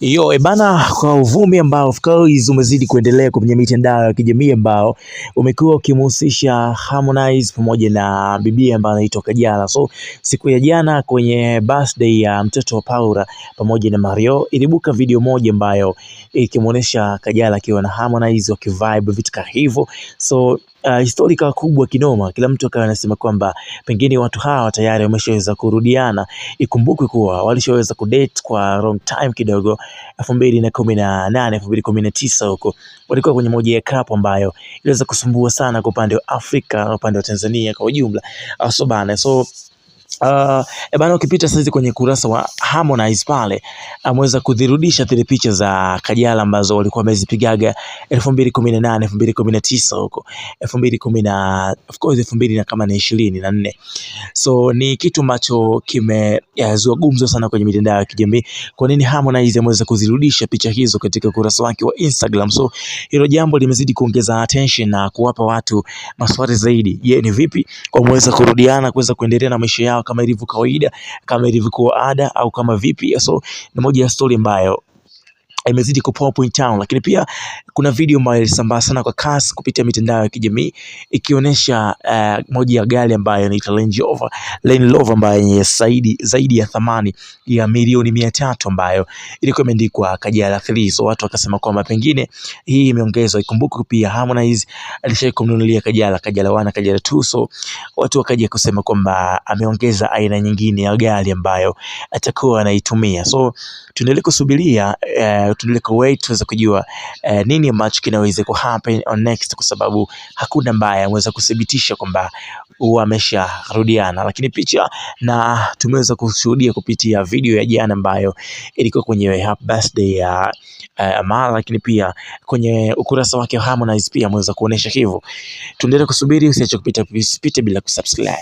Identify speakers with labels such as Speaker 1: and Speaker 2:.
Speaker 1: Yo, ebana, eh, kwa uvumi ambao of course umezidi kuendelea kwenye mitandao ya kijamii ambao umekuwa ukimhusisha Harmonize pamoja na bibi ambaye anaitwa Kajala. So siku ya jana kwenye birthday ya mtoto wa Paula pamoja na Mario ilibuka video moja ambayo ikimuonesha Kajala akiwa na Harmonize wakivibe vitu kama hivyo so uh, historia kubwa kinoma. Kila mtu akawa anasema kwamba pengine watu hawa tayari wameshaweza kurudiana. Ikumbukwe kuwa walishaweza kudate kwa long time kidogo, elfu mbili na kumi na nane elfu mbili kumi na tisa huko walikuwa kwenye moja ya cup ambayo iliweza kusumbua sana kwa upande wa Afrika na upande wa Tanzania kwa ujumla. Ah, so bana so Uh, bana ukipita sasa kwenye kurasa wa Harmonize pale ameweza kudhirudisha zile picha za Kajala ambazo walikuwa wamezipigaga 2018, 2019 huko 2010 of course 2000 na kama na 24. So ni kitu ambacho kimeyazua gumzo sana kwenye mitandao ya kijamii. Kwa nini Harmonize ameweza kuzirudisha picha hizo katika kurasa wake wa Instagram? So hilo jambo limezidi kuongeza attention na kuwapa watu maswali zaidi. Je, ni vipi kwa wameweza kurudiana kuweza kuendelea na maisha yao kama ilivyo kawaida, kama ilivyokuwa ada au kama vipi. So ni moja ya stori ambayo imezidi kupoa point town, lakini pia kuna video ambayo ilisambaa sana kwa kasi kupitia mitandao ya kijamii ikionyesha uh, moja ya gari ambayo inaitwa Range Rover, Land Rover ambayo yenye zaidi zaidi ya thamani ya milioni mia tatu ambayo ilikuwa imeandikwa Kajala 3. So watu wakasema kwamba pengine hii imeongezwa. Ikumbuke pia Harmonize alishawahi kumnunulia Kajala, Kajala 1, Kajala 2. So watu wakaja kusema kwamba ameongeza aina nyingine ya gari ambayo atakuwa anaitumia. So tunaendelea kusubiria uh, tuliko kuwait tuweze kujua eh, nini ambacho kinaweza ku happen on next, kwa sababu hakuna mbaya anaweza kuthibitisha kwamba wamesharudiana, lakini picha na tumeweza kushuhudia kupitia video ya jana ambayo ilikuwa kwenye happy birthday ya uh, Amara, lakini pia kwenye ukurasa wake wa Harmonize pia ameweza kuonesha hivyo. Tuendelee kusubiri, usiache kupita pita bila kusubscribe.